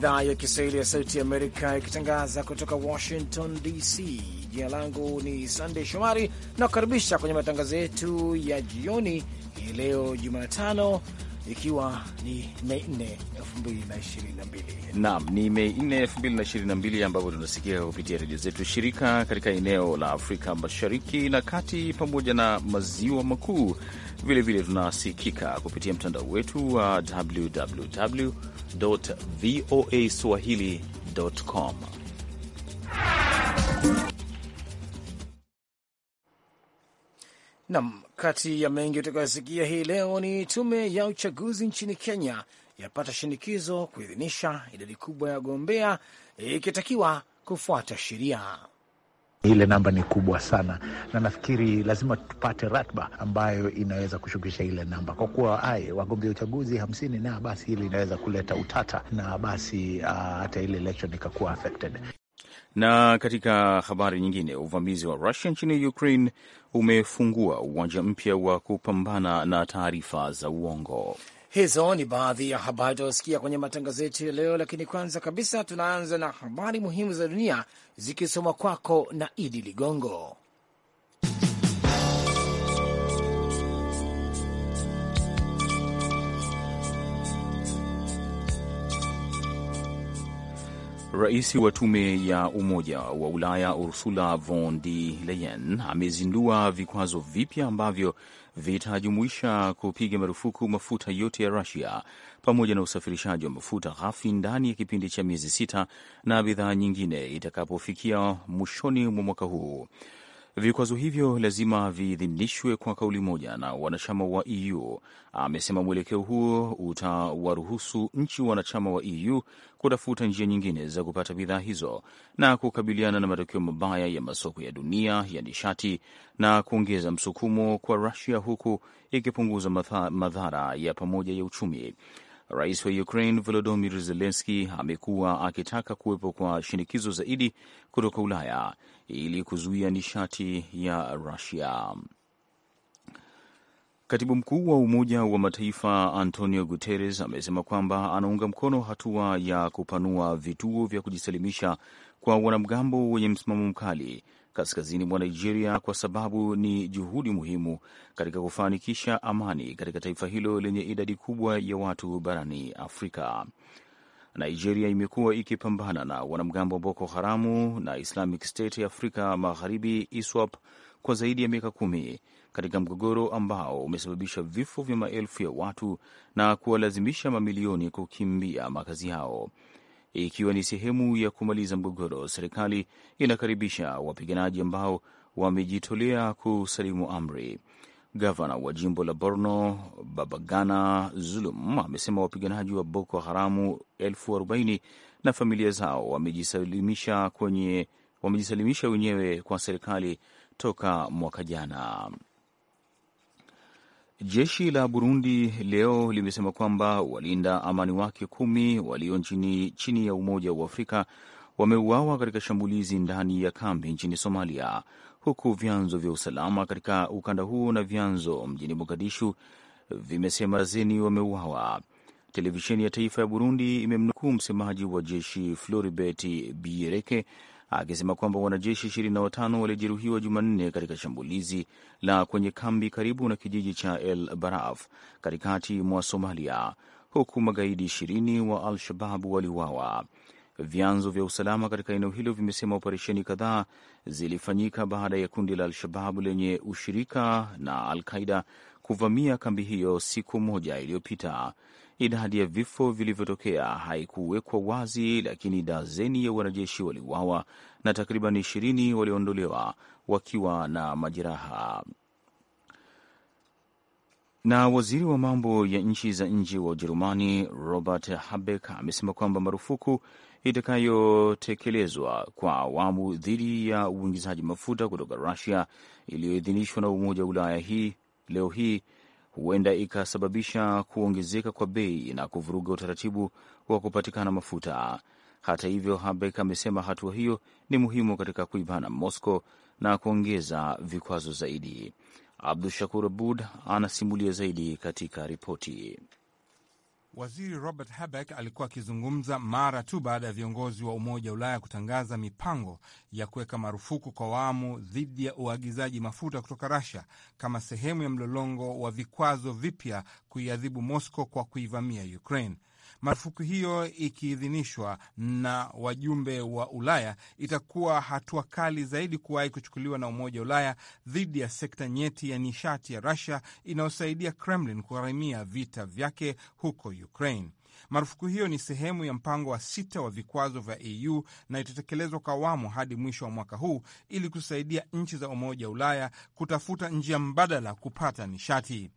idhaa ya Kiswahili ya Sauti ya Amerika ikitangaza kutoka Washington DC. Jina langu ni Sandey Shomari na kukaribisha kwenye matangazo yetu ya jioni hii leo Jumatano ikiwa ni Mei 4, 2022. Naam, ni Mei 4, 2022 ambapo tunasikia kupitia redio zetu shirika katika eneo la Afrika Mashariki na Kati pamoja na Maziwa Makuu. Vilevile tunasikika kupitia mtandao wetu wa uh, www voa swahili Nam, kati ya mengi utakayosikia hii leo ni tume ya uchaguzi nchini Kenya yapata shinikizo kuidhinisha idadi kubwa ya wagombea ikitakiwa kufuata sheria. Ile namba ni kubwa sana, na nafikiri lazima tupate ratiba ambayo inaweza kushukisha ile namba, kwa kuwa ai wagombea uchaguzi hamsini na basi, ile inaweza kuleta utata na basi ah, hata ile election ikakuwa affected. Na katika habari nyingine, uvamizi wa Rusia nchini Ukraine umefungua uwanja mpya wa kupambana na taarifa za uongo. Hizo ni baadhi ya habari tunazosikia kwenye matangazo yetu ya leo, lakini kwanza kabisa tunaanza na habari muhimu za dunia zikisomwa kwako na Idi Ligongo. Rais wa Tume ya Umoja wa Ulaya Ursula von der Leyen amezindua vikwazo vipya ambavyo vitajumuisha kupiga marufuku mafuta yote ya Rusia pamoja na usafirishaji wa mafuta ghafi ndani ya kipindi cha miezi sita na bidhaa nyingine itakapofikia mwishoni mwa mwaka huu. Vikwazo hivyo lazima viidhinishwe kwa kauli moja na wanachama wa EU. Amesema mwelekeo huo utawaruhusu nchi wanachama wa EU kutafuta njia nyingine za kupata bidhaa hizo na kukabiliana na matokeo mabaya ya masoko ya dunia ya nishati na kuongeza msukumo kwa Rusia, huku ikipunguza madhara ya pamoja ya uchumi. Rais wa Ukraine Volodymyr Zelensky amekuwa akitaka kuwepo kwa shinikizo zaidi kutoka Ulaya ili kuzuia nishati ya Rusia. Katibu mkuu wa Umoja wa Mataifa Antonio Guterres amesema kwamba anaunga mkono hatua ya kupanua vituo vya kujisalimisha kwa wanamgambo wenye msimamo mkali kaskazini mwa Nigeria kwa sababu ni juhudi muhimu katika kufanikisha amani katika taifa hilo lenye idadi kubwa ya watu barani Afrika. Nigeria imekuwa ikipambana na wanamgambo wa Boko Haramu na Islamic State ya Afrika Magharibi ISWAP kwa zaidi ya miaka kumi katika mgogoro ambao umesababisha vifo vya maelfu ya watu na kuwalazimisha mamilioni kukimbia makazi yao. Ikiwa ni sehemu ya kumaliza mgogoro, serikali inakaribisha wapiganaji ambao wamejitolea kusalimu amri. Gavana wa jimbo la Borno Babagana Zulum amesema wapiganaji wa Boko Haramu elfu arobaini na familia zao wamejisalimisha kwenye wamejisalimisha wenyewe kwa serikali toka mwaka jana. Jeshi la Burundi leo limesema kwamba walinda amani wake kumi walio nchini chini ya Umoja wa Afrika wameuawa katika shambulizi ndani ya kambi nchini Somalia huku vyanzo vya usalama katika ukanda huo na vyanzo mjini Mogadishu vimesema dazeni wameuawa. Televisheni ya taifa ya Burundi imemnukuu msemaji wa jeshi Floribert Biereke akisema kwamba wanajeshi 25 walijeruhiwa Jumanne katika shambulizi la kwenye kambi karibu na kijiji cha El Baraf katikati mwa Somalia, huku magaidi 20 wa Al-Shababu waliuawa. Vyanzo vya usalama katika eneo hilo vimesema operesheni kadhaa zilifanyika baada ya kundi la Al-Shababu lenye ushirika na Al-Qaida kuvamia kambi hiyo siku moja iliyopita. Idadi ya vifo vilivyotokea haikuwekwa wazi, lakini dazeni ya wanajeshi waliuawa na takriban ishirini walioondolewa wakiwa na majeraha. Na waziri wa mambo ya nchi za nje wa Ujerumani Robert Habeck amesema kwamba marufuku itakayotekelezwa kwa awamu dhidi ya uingizaji mafuta kutoka Rusia iliyoidhinishwa na Umoja wa Ulaya hii leo hii huenda ikasababisha kuongezeka kwa bei na kuvuruga utaratibu wa kupatikana mafuta. Hata hivyo, Habek amesema hatua hiyo ni muhimu katika kuibana Moscow na kuongeza vikwazo zaidi. Abdu Shakur Abud anasimulia zaidi katika ripoti Waziri Robert Habeck alikuwa akizungumza mara tu baada ya viongozi wa Umoja wa Ulaya kutangaza mipango ya kuweka marufuku kwa awamu dhidi ya uagizaji mafuta kutoka Russia kama sehemu ya mlolongo wa vikwazo vipya kuiadhibu Moscow kwa kuivamia Ukraine. Marufuku hiyo ikiidhinishwa na wajumbe wa Ulaya itakuwa hatua kali zaidi kuwahi kuchukuliwa na Umoja wa Ulaya dhidi ya sekta nyeti ya nishati ya Rusia inayosaidia Kremlin kugharimia vita vyake huko Ukraine. Marufuku hiyo ni sehemu ya mpango wa sita wa vikwazo vya EU na itatekelezwa kwa awamu hadi mwisho wa mwaka huu ili kusaidia nchi za Umoja wa Ulaya kutafuta njia mbadala kupata nishati.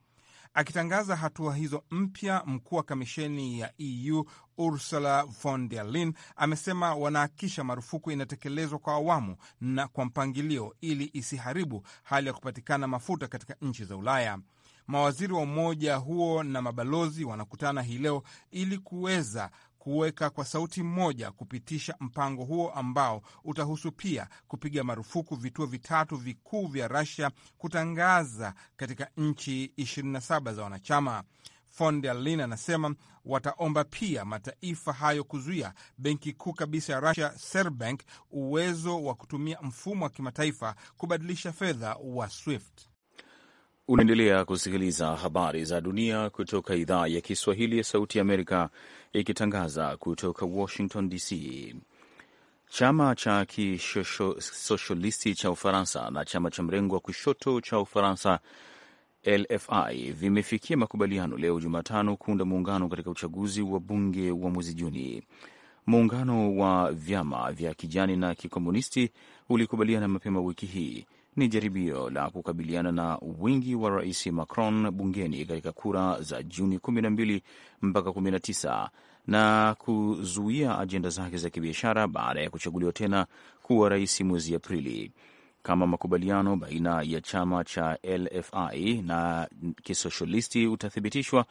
Akitangaza hatua hizo mpya, mkuu wa kamisheni ya EU Ursula von der Leyen amesema wanahakisha marufuku inatekelezwa kwa awamu na kwa mpangilio ili isiharibu hali ya kupatikana mafuta katika nchi za Ulaya. Mawaziri wa umoja huo na mabalozi wanakutana hii leo ili kuweza kuweka kwa sauti moja kupitisha mpango huo ambao utahusu pia kupiga marufuku vituo vitatu vikuu vya Russia kutangaza katika nchi 27 za wanachama. Von der Leyen anasema wataomba pia mataifa hayo kuzuia benki kuu kabisa ya Russia, Sberbank, uwezo wa kutumia mfumo wa kimataifa kubadilisha fedha wa SWIFT. Unaendelea kusikiliza habari za dunia kutoka idhaa ya Kiswahili ya Sauti ya Amerika ikitangaza kutoka Washington DC. Chama cha kisosialisti cha Ufaransa na chama cha mrengo wa kushoto cha Ufaransa LFI vimefikia makubaliano leo Jumatano kuunda muungano katika uchaguzi wa bunge wa mwezi Juni. Muungano wa vyama vya kijani na kikomunisti ulikubaliana mapema wiki hii ni jaribio la kukabiliana na wingi wa Rais Macron bungeni katika kura za Juni 12 mpaka 19 na kuzuia ajenda zake za kibiashara baada ya kuchaguliwa tena kuwa rais mwezi Aprili. Kama makubaliano baina ya chama cha LFI na kisoshalisti utathibitishwa,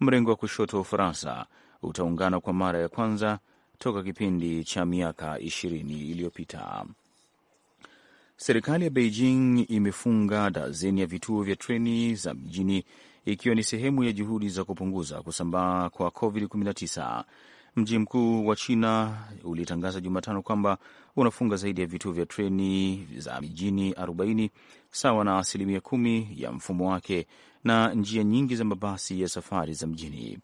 mrengo wa kushoto wa Ufaransa utaungana kwa mara ya kwanza toka kipindi cha miaka ishirini iliyopita. Serikali ya Beijing imefunga dazeni ya vituo vya treni za mjini ikiwa ni sehemu ya juhudi za kupunguza kusambaa kwa COVID-19. Mji mkuu wa China ulitangaza Jumatano kwamba unafunga zaidi ya vituo vya treni za mijini 40 sawa na asilimia kumi ya mfumo wake na njia nyingi za mabasi ya safari za mjini.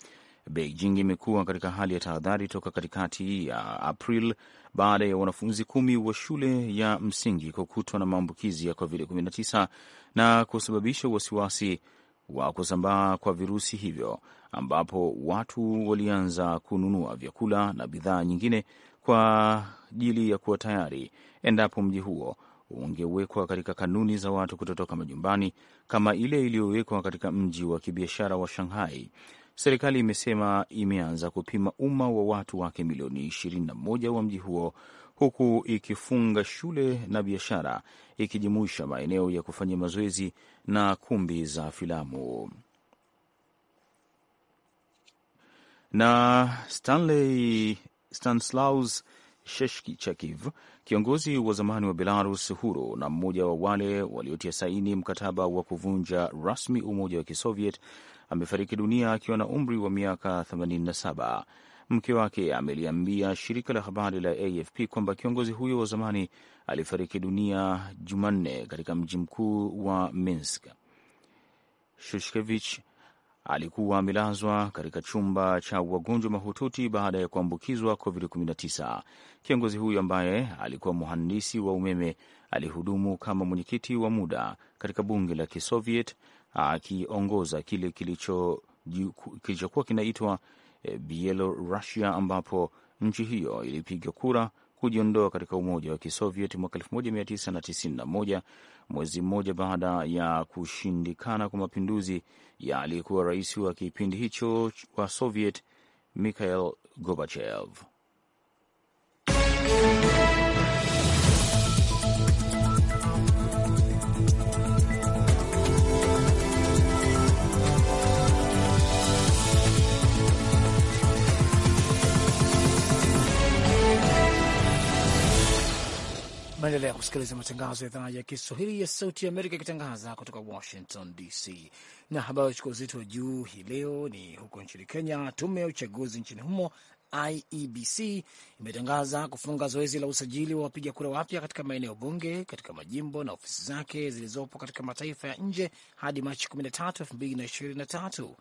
Beijing imekuwa katika hali ya tahadhari toka katikati ya April baada ya wanafunzi kumi wa shule ya msingi kukutwa na maambukizi ya COVID-19 na kusababisha wasiwasi wa kusambaa kwa virusi hivyo, ambapo watu walianza kununua vyakula na bidhaa nyingine kwa ajili ya kuwa tayari endapo mji huo ungewekwa katika kanuni za watu kutotoka majumbani kama ile iliyowekwa katika mji wa kibiashara wa Shanghai. Serikali imesema imeanza kupima umma wa watu wake milioni 21 wa mji huo huku ikifunga shule na biashara ikijumuisha maeneo ya kufanya mazoezi na kumbi za filamu. Na Stanley Stanislaus Sheshkichakiv, kiongozi wa zamani wa Belarus huru na mmoja wa wale waliotia saini mkataba wa kuvunja rasmi umoja wa Kisoviet, amefariki dunia akiwa na umri wa miaka 87. Mke wake ameliambia shirika la habari la AFP kwamba kiongozi huyo wa zamani alifariki dunia Jumanne katika mji mkuu wa Minsk. Shushkevich alikuwa amelazwa katika chumba cha wagonjwa mahututi baada ya kuambukizwa COVID-19. Kiongozi huyo ambaye alikuwa mhandisi wa umeme alihudumu kama mwenyekiti wa muda katika bunge la Kisoviet akiongoza kile kilichokuwa kinaitwa eh, Bielorusia, ambapo nchi hiyo ilipiga kura kujiondoa katika Umoja wa Kisoviet mwaka 1991 mwezi mmoja baada ya kushindikana kwa mapinduzi ya aliyekuwa rais wa kipindi hicho wa Soviet Mikhail Gorbachev. Naendelea kusikiliza matangazo ya idhaa ya Kiswahili ya Sauti ya Amerika ikitangaza kutoka Washington DC. Na habari uchukua uzito wa juu hii leo ni huko nchini Kenya. Tume ya uchaguzi nchini humo IEBC imetangaza kufunga zoezi la usajili wa wapiga kura wapya katika maeneo bunge katika majimbo na ofisi zake zilizopo katika mataifa ya nje hadi Machi 13, 2023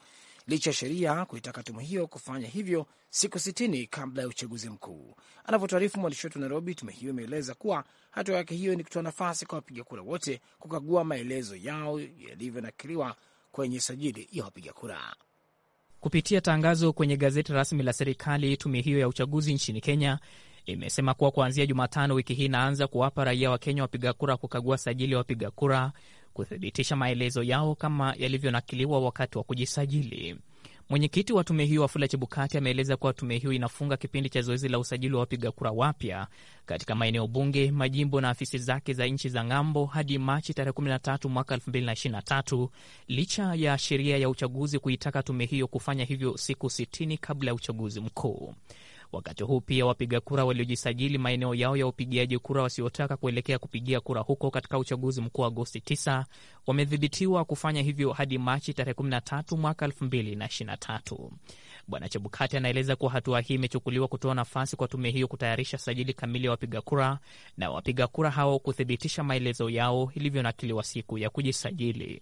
licha ya sheria kuitaka tume hiyo kufanya hivyo siku sitini kabla ya uchaguzi mkuu. Anavyotaarifu mwandishi wetu Nairobi, tume hiyo imeeleza kuwa hatua yake hiyo ni kutoa nafasi kwa wapiga kura wote kukagua maelezo yao yalivyonakiliwa kwenye sajili ya wapiga kura. Kupitia tangazo kwenye gazeti rasmi la serikali, tume hiyo ya uchaguzi nchini Kenya imesema kuwa kuanzia Jumatano wiki hii inaanza kuwapa raia wa Kenya wapiga kura kukagua sajili ya wapiga kura kuthibitisha maelezo yao kama yalivyonakiliwa wakati wa kujisajili. Mwenyekiti wa tume hiyo Wafula Chebukati ameeleza kuwa tume hiyo inafunga kipindi cha zoezi la usajili wa wapiga kura wapya katika maeneo bunge, majimbo na afisi zake za nchi za ng'ambo hadi Machi tarehe 13 mwaka 2023 licha ya sheria ya uchaguzi kuitaka tume hiyo kufanya hivyo siku 60 kabla ya uchaguzi mkuu. Wakati huu pia wapiga kura waliojisajili maeneo yao ya upigiaji kura wasiotaka kuelekea kupigia kura huko katika uchaguzi mkuu wa Agosti 9 wamedhibitiwa kufanya hivyo hadi Machi tarehe 13 mwaka 2023. Bwana Chebukati anaeleza kuwa hatua hii imechukuliwa kutoa nafasi kwa tume hiyo kutayarisha sajili kamili ya wapiga kura na wapiga kura hao kuthibitisha maelezo yao ilivyonakiliwa siku ya kujisajili.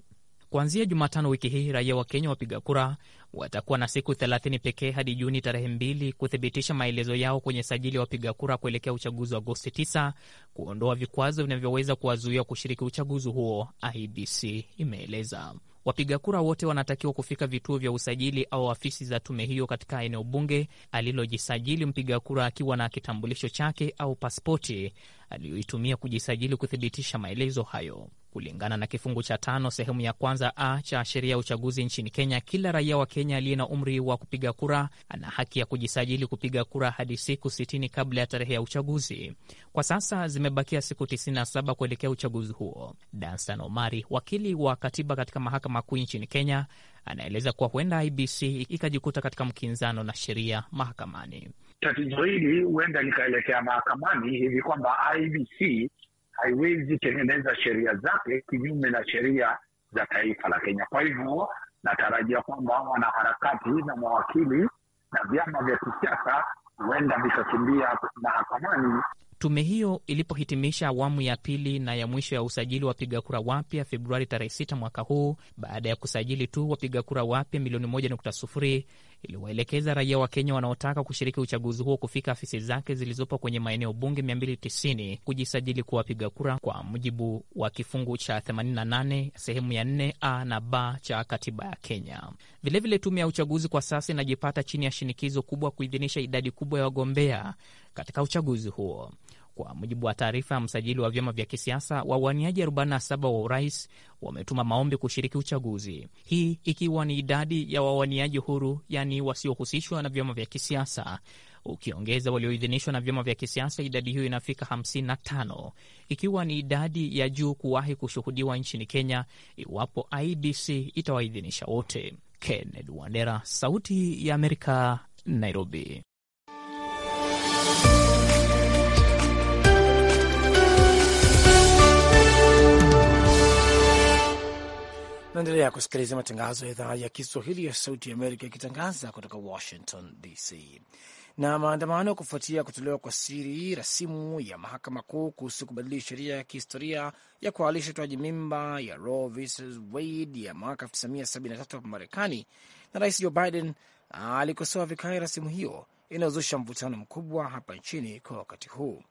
Kuanzia Jumatano wiki hii, raia wa Kenya wapiga kura watakuwa na siku 30 pekee hadi Juni tarehe 2 kuthibitisha maelezo yao kwenye sajili ya wapiga kura kuelekea uchaguzi wa Agosti 9, kuondoa vikwazo vinavyoweza kuwazuia kushiriki uchaguzi huo, IBC e imeeleza. Wapiga kura wote wanatakiwa kufika vituo vya usajili au afisi za tume hiyo katika eneo bunge alilojisajili mpiga kura akiwa na kitambulisho chake au paspoti aliyoitumia kujisajili kuthibitisha maelezo hayo. Kulingana na kifungu cha tano sehemu ya kwanza a cha sheria ya uchaguzi nchini Kenya, kila raia wa Kenya aliye na umri wa kupiga kura ana haki ya kujisajili kupiga kura hadi siku 60 kabla ya tarehe ya uchaguzi. Kwa sasa zimebakia siku 97 kuelekea uchaguzi huo. Danstan Omari, wakili wa katiba katika mahakama kuu nchini Kenya, anaeleza kuwa huenda IBC ikajikuta katika mkinzano na sheria mahakamani. Tatizo hili huenda likaelekea mahakamani hivi kwamba IBC haiwezi tengeneza sheria zake kinyume na sheria za taifa la Kenya. Kwa hivyo natarajia kwamba wanaharakati na mawakili na vyama vya kisiasa huenda vikakimbia mahakamani. Tume hiyo ilipohitimisha awamu ya pili na ya mwisho ya usajili wapiga kura wapya Februari tarehe 6 mwaka huu, baada ya kusajili tu wapiga kura wapya milioni 1.0 iliwaelekeza raia wa Kenya wanaotaka kushiriki uchaguzi huo kufika afisi zake zilizopo kwenye maeneo bunge 290 kujisajili kuwa wapiga kura kwa mujibu wa kifungu cha 88 sehemu ya 4 a na b cha katiba ya Kenya. Vilevile, tume ya uchaguzi kwa sasa inajipata chini ya shinikizo kubwa kuidhinisha idadi kubwa ya wagombea katika uchaguzi huo. Kwa mujibu wa taarifa ya msajili wa vyama vya kisiasa, wawaniaji 47 wa urais wametuma maombi kushiriki uchaguzi, hii ikiwa ni idadi ya wawaniaji huru, yaani wasiohusishwa na vyama vya kisiasa. Ukiongeza walioidhinishwa na vyama vya kisiasa, idadi hiyo inafika 55, ikiwa ni idadi ya juu kuwahi kushuhudiwa nchini Kenya, iwapo IBC itawaidhinisha wote. Kenneth Wandera, Sauti ya Amerika, Nairobi. Naendelea kusikiliza matangazo ya idhaa ya Kiswahili ya Sauti ya Amerika ikitangaza kutoka Washington DC. Na maandamano kufuatia kutolewa kwa siri rasimu ya mahakama kuu kuhusu kubadili sheria ya kihistoria ya kuhalalisha utoaji mimba ya Roe Wade ya mwaka 1973 hapa Marekani, na Rais Joe Biden alikosoa vikali rasimu hiyo inayozusha mvutano mkubwa hapa nchini kwa wakati huu.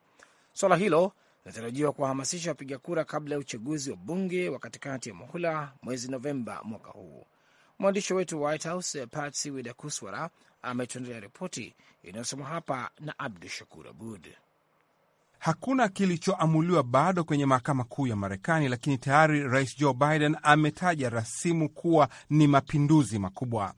Swala hilo inatarajiwa kuwahamasisha wapiga kura kabla ya uchaguzi wa bunge wa katikati ya muhula mwezi Novemba mwaka huu. Mwandishi wetu White House eh, Patsy Widakuswara ripoti inayosoma hapa na Abdu Shakur Abud. Hakuna kilichoamuliwa bado kwenye mahakama kuu ya Marekani, lakini tayari rais Joe Biden ametaja rasimu kuwa ni mapinduzi makubwa.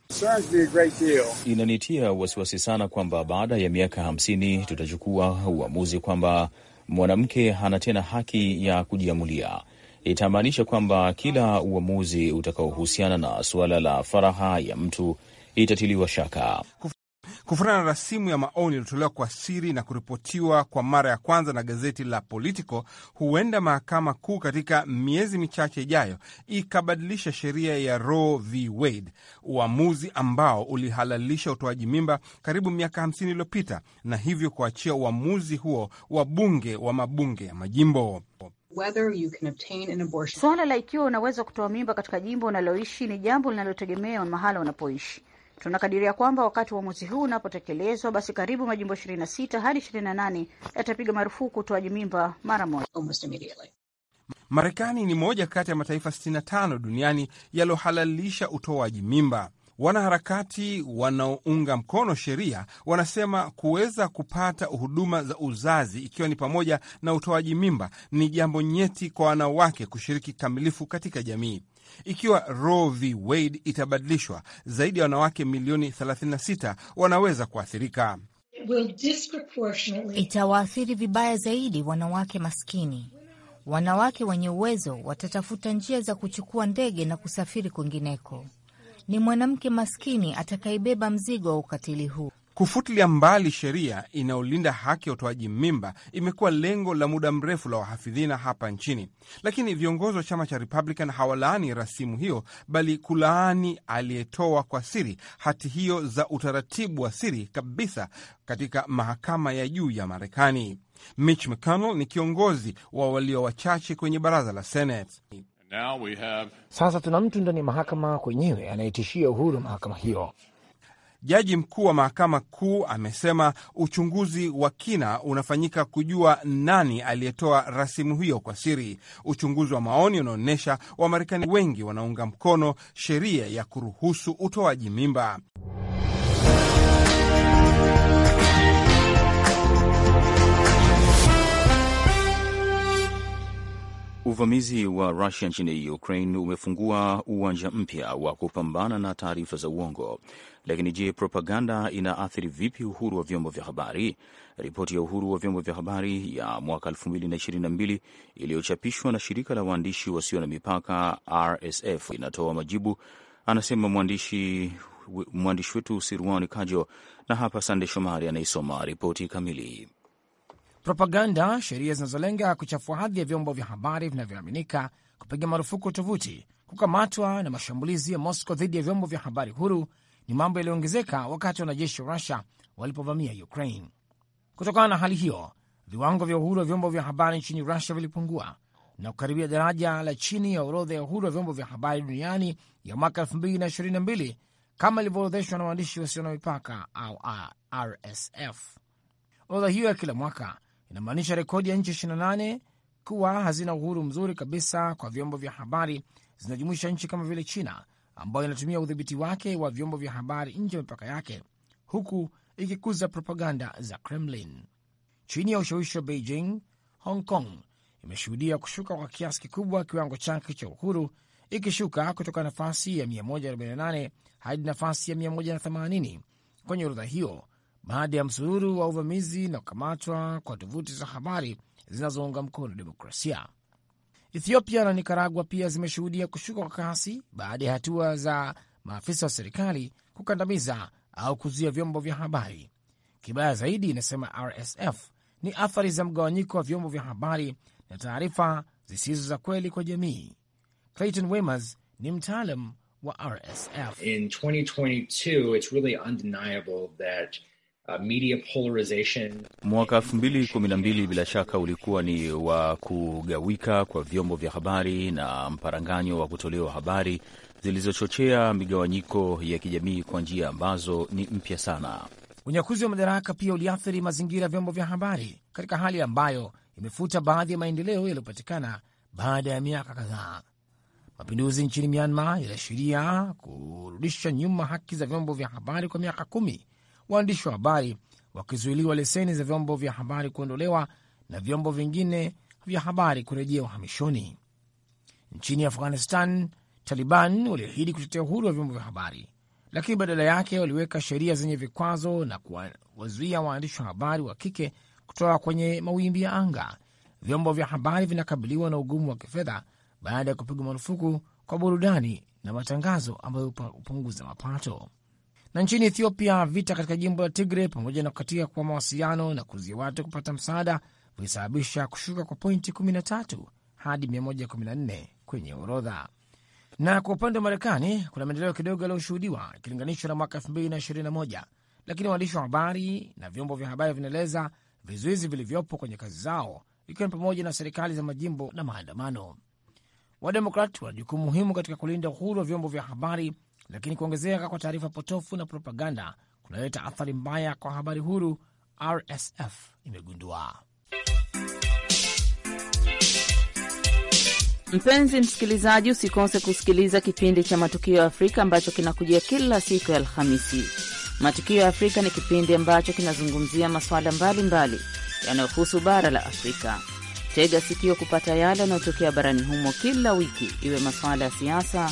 Inanitia wasiwasi sana kwamba baada ya miaka 50 tutachukua uamuzi kwamba mwanamke hana tena haki ya kujiamulia. Itamaanisha kwamba kila uamuzi utakaohusiana na suala la faraha ya mtu itatiliwa shaka. Kufuatana na rasimu ya maoni iliyotolewa kwa siri na kuripotiwa kwa mara ya kwanza na gazeti la Politico, huenda mahakama kuu katika miezi michache ijayo ikabadilisha sheria ya Roe v Wade, uamuzi ambao ulihalalisha utoaji mimba karibu miaka 50 iliyopita, na hivyo kuachia uamuzi huo wa bunge wa mabunge ya majimbo. Suala la ikiwa unaweza kutoa mimba katika jimbo unaloishi ni jambo linalotegemea mahala unapoishi. Tunakadiria kwamba wakati uamuzi huu unapotekelezwa, basi karibu majimbo 26 hadi 28 yatapiga marufuku utoaji mimba mara moja. Marekani ni moja kati ya mataifa 65 duniani yaliyohalalisha utoaji mimba. Wanaharakati wanaounga mkono sheria wanasema kuweza kupata huduma za uzazi ikiwa ni pamoja na utoaji mimba ni jambo nyeti kwa wanawake kushiriki kikamilifu katika jamii. Ikiwa Roe v Wade itabadilishwa, zaidi ya wanawake milioni 36 wanaweza kuathirika. Itawaathiri vibaya zaidi wanawake maskini. Wanawake wenye uwezo watatafuta njia za kuchukua ndege na kusafiri kwingineko. Ni mwanamke maskini atakayebeba mzigo wa ukatili huu. Kufutilia mbali sheria inayolinda haki ya utoaji mimba imekuwa lengo la muda mrefu la wahafidhina hapa nchini, lakini viongozi wa chama cha Republican hawalaani rasimu hiyo, bali kulaani aliyetoa kwa siri hati hiyo za utaratibu wa siri kabisa katika mahakama ya juu ya Marekani. Mitch McConnell ni kiongozi wa walio wachache kwenye baraza la Senate. Have... sasa tuna mtu ndani ya mahakama kwenyewe anayetishia uhuru mahakama hiyo Jaji mkuu wa mahakama kuu amesema uchunguzi wa kina unafanyika kujua nani aliyetoa rasimu hiyo kwa siri. Uchunguzi wa maoni unaonyesha Wamarekani wengi wanaunga mkono sheria ya kuruhusu utoaji mimba. Uvamizi wa Rusia nchini Ukraine umefungua uwanja mpya wa kupambana na taarifa za uongo. Lakini je, propaganda inaathiri vipi uhuru wa vyombo vya habari? Ripoti ya uhuru wa vyombo vya habari ya mwaka 2022 iliyochapishwa na shirika la waandishi wasio na mipaka RSF inatoa majibu, anasema mwandishi mwandishi wetu Sirwani Kajo, na hapa Sande Shomari anaisoma ripoti kamili propaganda, sheria zinazolenga kuchafua hadhi ya vyombo vya habari vinavyoaminika, kupiga marufuku tovuti, kukamatwa na mashambulizi ya Moscow dhidi ya vyombo vya habari huru ni mambo yaliyoongezeka wakati wanajeshi wa Rusia walipovamia Ukraine. Kutokana na hali hiyo, viwango vya uhuru wa vyombo vya habari nchini Rusia vilipungua na kukaribia daraja la chini ya orodha ya uhuru wa vyombo vya habari duniani ya mwaka 2022 kama ilivyoorodheshwa na waandishi wasio na mipaka au RSF. Orodha hiyo ya kila mwaka inamaanisha rekodi ya nchi 28 kuwa hazina uhuru mzuri kabisa kwa vyombo vya habari, zinajumuisha nchi kama vile China ambayo inatumia udhibiti wake wa vyombo vya habari nje ya mipaka yake, huku ikikuza propaganda za Kremlin. Chini ya ushawishi wa Beijing, Hong Kong imeshuhudia kushuka kwa kiasi kikubwa kiwango chake cha uhuru, ikishuka kutoka nafasi ya 148 hadi nafasi ya 180 kwenye orodha hiyo baada ya msururu wa uvamizi na kukamatwa kwa tovuti za habari zinazounga mkono demokrasia. Ethiopia na Nikaragua pia zimeshuhudia kushuka kwa kasi baada ya hatua za maafisa wa serikali kukandamiza au kuzuia vyombo vya habari. Kibaya zaidi, inasema RSF, ni athari za mgawanyiko wa vyombo vya habari na taarifa zisizo za kweli kwa jamii. Clayton Wemers ni mtaalam wa RSF. In 2022, it's really undeniable that Uh, Mwaka elfu mbili kumi na mbili bila shaka ulikuwa ni wa kugawika kwa vyombo vya habari na mparanganyo wa kutolewa habari zilizochochea migawanyiko ya kijamii kwa njia ambazo ni mpya sana. Unyakuzi wa madaraka pia uliathiri mazingira ya vyombo vya habari katika hali ambayo imefuta baadhi ya maendeleo yaliyopatikana baada ya miaka kadhaa. Mapinduzi nchini Myanmar yaliashiria kurudisha nyuma haki za vyombo vya habari kwa miaka kumi waandishi wa habari wakizuiliwa leseni za vyombo vya habari kuondolewa na vyombo vingine vya habari kurejea uhamishoni. Nchini Afghanistan, Taliban waliahidi kutetea uhuru wa vyombo vya habari, lakini badala yake waliweka sheria zenye vikwazo na kuwazuia waandishi wa habari wa kike kutoka kwenye mawimbi ya anga. Vyombo vya habari vinakabiliwa na ugumu wa kifedha baada ya kupigwa marufuku kwa burudani na matangazo ambayo hupunguza mapato. Na nchini Ethiopia, vita katika jimbo la Tigre pamoja na kukatika kwa mawasiliano na kuzuia watu kupata msaada vilisababisha kushuka kwa pointi 13 hadi 114 kwenye orodha. Na kwa upande wa Marekani, kuna maendeleo kidogo yaliyoshuhudiwa ikilinganishwa na mwaka 2021, lakini waandishi wa habari na vyombo vya habari vinaeleza vizuizi vilivyopo kwenye kazi zao, ikiwa ni pamoja na serikali za majimbo na maandamano. Wademokrat wana jukumu muhimu katika kulinda uhuru wa vyombo vya habari lakini kuongezeka kwa taarifa potofu na propaganda kunaleta athari mbaya kwa habari huru, RSF imegundua. Mpenzi msikilizaji, usikose kusikiliza kipindi cha Matukio ya Afrika ambacho kinakujia kila siku ya Alhamisi. Matukio ya Afrika ni kipindi ambacho kinazungumzia masuala mbalimbali yanayohusu bara la Afrika. Tega sikio kupata yale yanayotokea barani humo kila wiki, iwe masuala ya siasa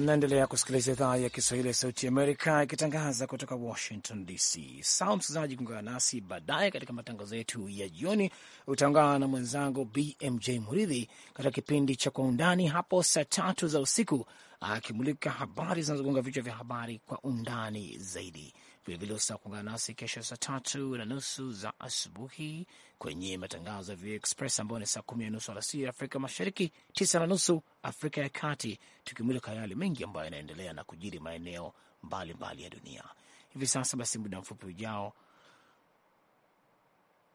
Mnaendelea kusikiliza idhaa ya Kiswahili ya Sauti Amerika ikitangaza kutoka Washington DC. Sawa msikilizaji, kuungana nasi baadaye katika matangazo yetu ya jioni. Utaungana na mwenzangu BMJ Muridhi katika kipindi cha Kwa Undani hapo saa tatu za usiku, akimulika habari zinazogonga vichwa vya habari kwa undani zaidi. Vilevile usaa nasi kesho saa tatu na nusu za asubuhi kwenye matangazo ya VOA Express ambayo ni saa kumi na nusu alasiri Afrika Mashariki, tisa na nusu Afrika ya Kati, tukimulika yale mengi ambayo yanaendelea na kujiri maeneo mbalimbali mbali ya dunia hivi sasa. Basi muda mfupi ujao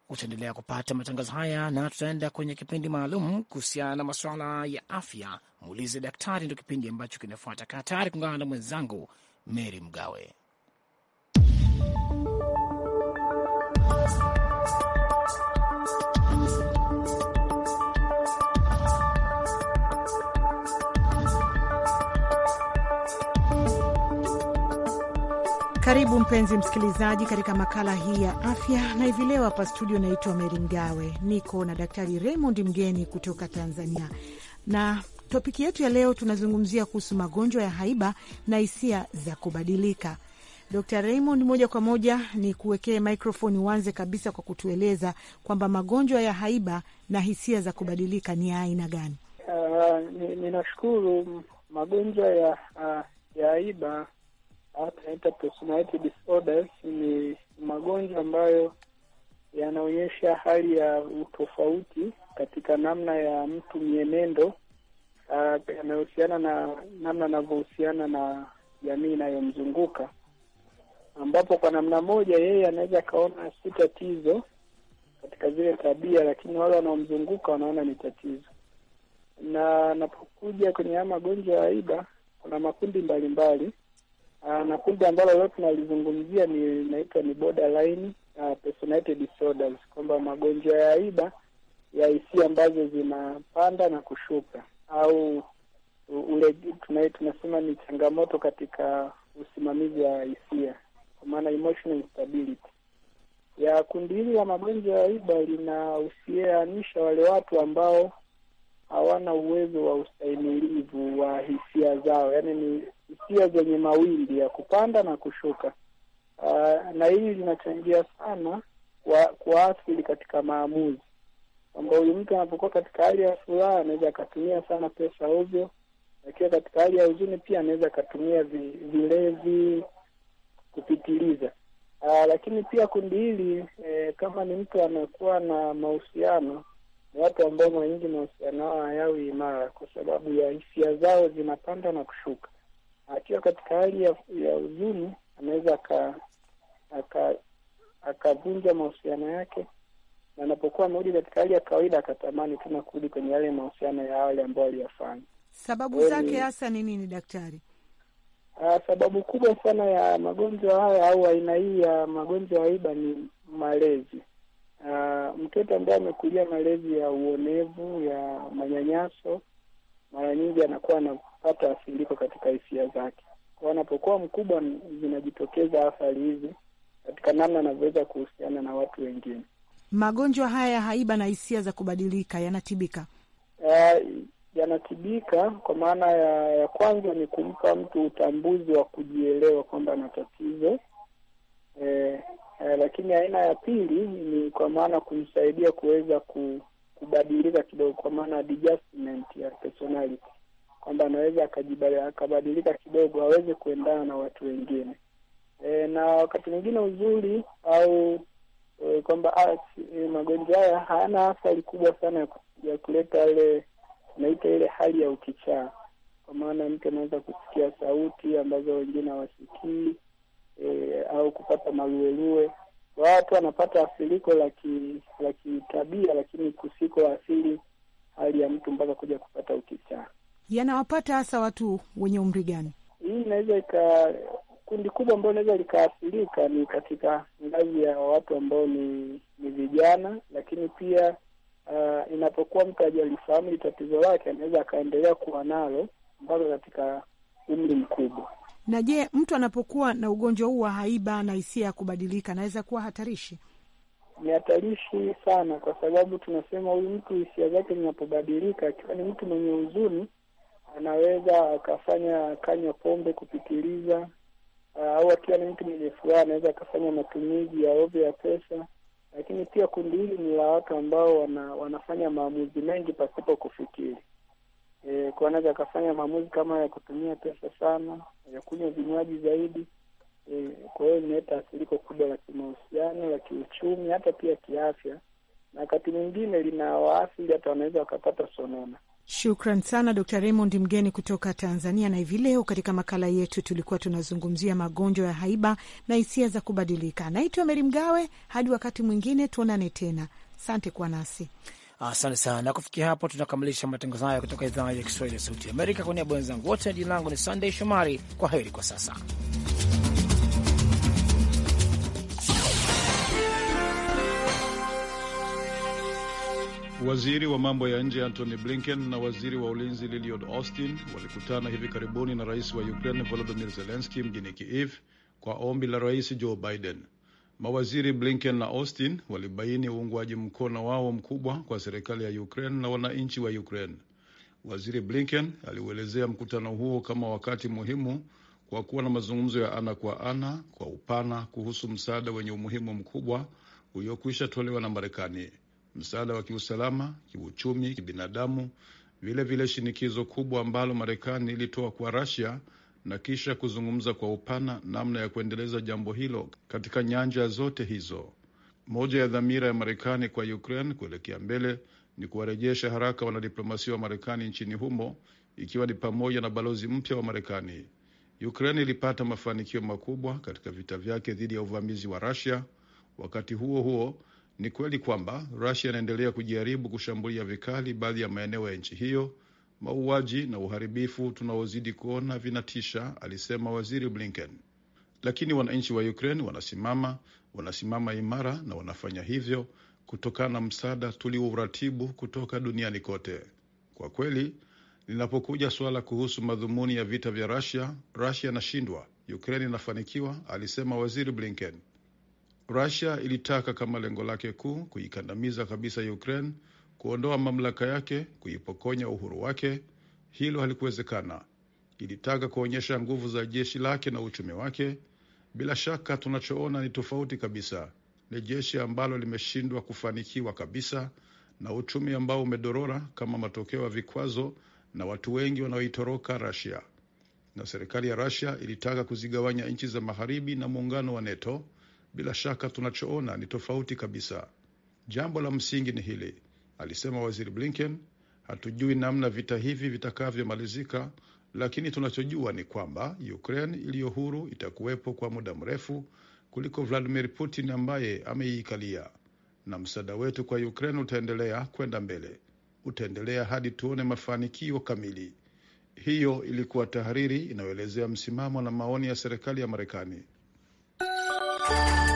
utaendelea kupata matangazo haya na tutaenda kwenye kipindi maalum kuhusiana na masuala ya afya. Muulize Daktari ndio kipindi ambacho kinafuata. Kaa tayari kuungana na mwenzangu Mary Mgawe. Karibu mpenzi msikilizaji, katika makala hii ya afya, na hivi leo hapa studio naitwa Meri Mgawe, niko na Daktari Raymond mgeni kutoka Tanzania, na topiki yetu ya leo tunazungumzia kuhusu magonjwa ya haiba na hisia za kubadilika. Dr. Raymond, moja kwa moja ni kuwekee microfoni uanze kabisa kwa kutueleza kwamba magonjwa ya haiba na hisia za kubadilika ni ya aina gani? Uh, ninashukuru. Magonjwa ya uh, ya haiba tunaita personality disorders ni magonjwa ambayo yanaonyesha hali ya utofauti katika namna ya mtu mienendo uh, yanayohusiana uh, na namna anavyohusiana na jamii inayomzunguka ambapo kwa namna moja yeye anaweza akaona si tatizo katika zile tabia, lakini wale wanaomzunguka wanaona ni tatizo. Na anapokuja kwenye haya magonjwa ya aiba, kuna makundi mbalimbali mbali. Ah, na kundi ambalo leo tunalizungumzia ni inaitwa ni borderline ah, personality disorders, kwamba magonjwa ya aiba ya hisia ambazo zinapanda na kushuka au ule tunasema ni changamoto katika usimamizi wa hisia kwa maana emotional instability ya kundi hili la magonjwa ya iba linahusianisha wale watu ambao hawana uwezo wa ustahimilivu wa hisia zao, yaani ni hisia zenye mawimbi ya kupanda na kushuka. Uh, na hili linachangia sana kwa athiri katika maamuzi, kwamba huyu mtu anapokuwa katika hali ya furaha anaweza akatumia sana pesa ovyo, akiwa katika hali ya huzuni pia anaweza akatumia vilevi kupitiliza. Aa, ah, lakini pia kundi hili e, kama ni mtu anakuwa na mahusiano ni watu ambao mara nyingi mahusiano hao hayawi imara kwa sababu ya hisia zao zinapanda na kushuka. Akiwa katika hali ya, ya huzuni anaweza akavunja mahusiano yake, na anapokuwa amerudi katika hali ya kawaida akatamani tena kurudi kwenye yale mahusiano ya awali ambayo aliyafanya. Sababu zake hasa ni nini, daktari? Uh, sababu kubwa sana ya magonjwa haya au aina hii ya magonjwa ya iba ni malezi. Uh, mtoto ambaye amekulia malezi ya uonevu, ya manyanyaso, mara nyingi anakuwa anapata asiliko katika hisia zake. Kwa anapokuwa mkubwa, zinajitokeza athari hizi katika namna anavyoweza kuhusiana na watu wengine. Magonjwa haya ya haiba na hisia za kubadilika yanatibika? Uh, yanatibika kwa maana ya, ya kwanza ni kumpa mtu utambuzi wa kujielewa kwamba ana tatizo e, e, lakini aina ya pili ni kwa maana kumsaidia kuweza kubadilika kidogo, kwa maana adjustment ya personality kwamba anaweza akabadilika kidogo aweze kuendana na watu wengine e, na wakati mwingine uzuri au e, kwamba e, magonjwa haya hayana athari kubwa sana ya kuleta ile naita ile hali ya ukichaa, kwa maana mtu anaweza kusikia sauti ambazo wengine hawasikii e, au kupata maluelue. Watu wanapata asiliko la kitabia, lakini kusiko asili hali ya mtu mpaka kuja kupata ukichaa. Yanawapata hasa watu wenye umri gani? Hii inaweza ika kundi kubwa ambayo inaweza likaathirika ni katika ngazi ya watu ambao ni, ni vijana, lakini pia uh, inapokuwa mtu hajalifahamu tatizo lake anaweza akaendelea kuwa nalo mpaka katika umri mkubwa. Na je, mtu anapokuwa na ugonjwa huu wa haiba na hisia ya kubadilika anaweza kuwa hatarishi? Ni hatarishi sana, kwa sababu tunasema huyu mtu hisia zake zinapobadilika, akiwa ni mtu mwenye huzuni anaweza akafanya kanywa pombe kupitiliza, eh, au akiwa ni mtu mwenye furaha anaweza akafanya matumizi ya ovyo ya pesa lakini pia kundi hili ni la watu ambao wana, wanafanya maamuzi mengi pasipo kufikiri. E, kwa anaweza akafanya maamuzi kama ya kutumia pesa sana, ya kunywa vinywaji zaidi. E, kwa hiyo inaleta asiliko kubwa la kimahusiano, la kiuchumi, hata pia kiafya, na wakati mwingine linawaathiri hata wanaweza wakapata sonona. Shukran sana Dkt Raymond mgeni kutoka Tanzania. Na hivi leo katika makala yetu tulikuwa tunazungumzia magonjwa ya haiba na hisia za kubadilika. Naitwa Meri Mgawe, hadi wakati mwingine tuonane tena. Asante kwa nasi, asante sana. Na kufikia hapo tunakamilisha matangazo haya kutoka idhaa ya Kiswahili ya Sauti Amerika. Kwa niaba wenzangu wote, jina langu ni Sandey Shomari. Kwa heri kwa sasa. Waziri wa mambo ya nje Antony Blinken na waziri wa ulinzi Lloyd Austin walikutana hivi karibuni na rais wa Ukraine Volodymyr Zelensky mjini Kiev kwa ombi la rais Joe Biden. Mawaziri Blinken na Austin walibaini uungwaji mkono wao mkubwa kwa serikali ya Ukraine na wananchi wa Ukraine. Waziri Blinken aliuelezea mkutano huo kama wakati muhimu kwa kuwa na mazungumzo ya ana kwa ana kwa upana kuhusu msaada wenye umuhimu mkubwa uliokwisha tolewa na Marekani msaada wa kiusalama, kiuchumi, kibinadamu, vilevile vile shinikizo kubwa ambalo Marekani ilitoa kwa Russia na kisha kuzungumza kwa upana namna ya kuendeleza jambo hilo katika nyanja zote hizo. Moja ya dhamira ya Marekani kwa Ukraine kuelekea mbele ni kuwarejesha haraka wanadiplomasia wa Marekani nchini humo, ikiwa ni pamoja na balozi mpya wa Marekani. Ukraine ilipata mafanikio makubwa katika vita vyake dhidi ya uvamizi wa Russia. Wakati huo huo, ni kweli kwamba Rusia inaendelea kujaribu kushambulia vikali baadhi ya maeneo ya nchi hiyo. Mauaji na uharibifu tunaozidi kuona vinatisha, alisema Waziri Blinken. Lakini wananchi wa Ukraine wanasimama, wanasimama imara na wanafanya hivyo kutokana na msaada tuliouratibu kutoka duniani kote. Kwa kweli, linapokuja suala kuhusu madhumuni ya vita vya Rusia, Rusia inashindwa, Ukraine inafanikiwa, alisema Waziri Blinken. Rusia ilitaka kama lengo lake kuu kuikandamiza kabisa Ukraine, kuondoa mamlaka yake, kuipokonya uhuru wake. Hilo halikuwezekana. Ilitaka kuonyesha nguvu za jeshi lake na uchumi wake. Bila shaka, tunachoona ni tofauti kabisa. Ni jeshi ambalo limeshindwa kufanikiwa kabisa na uchumi ambao umedorora kama matokeo ya vikwazo na watu wengi wanaoitoroka Rusia. Na serikali ya Rusia ilitaka kuzigawanya nchi za magharibi na muungano wa NATO bila shaka tunachoona ni tofauti kabisa. Jambo la msingi ni hili, alisema Waziri Blinken. Hatujui namna vita hivi vitakavyomalizika, lakini tunachojua ni kwamba Ukraine iliyo huru itakuwepo kwa muda mrefu kuliko Vladimir Putin ambaye ameiikalia, na msaada wetu kwa Ukraine utaendelea kwenda mbele, utaendelea hadi tuone mafanikio kamili. Hiyo ilikuwa tahariri inayoelezea msimamo na maoni ya serikali ya Marekani. Bye.